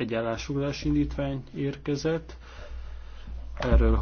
egy állásfoglalás indítvány érkezett. Erről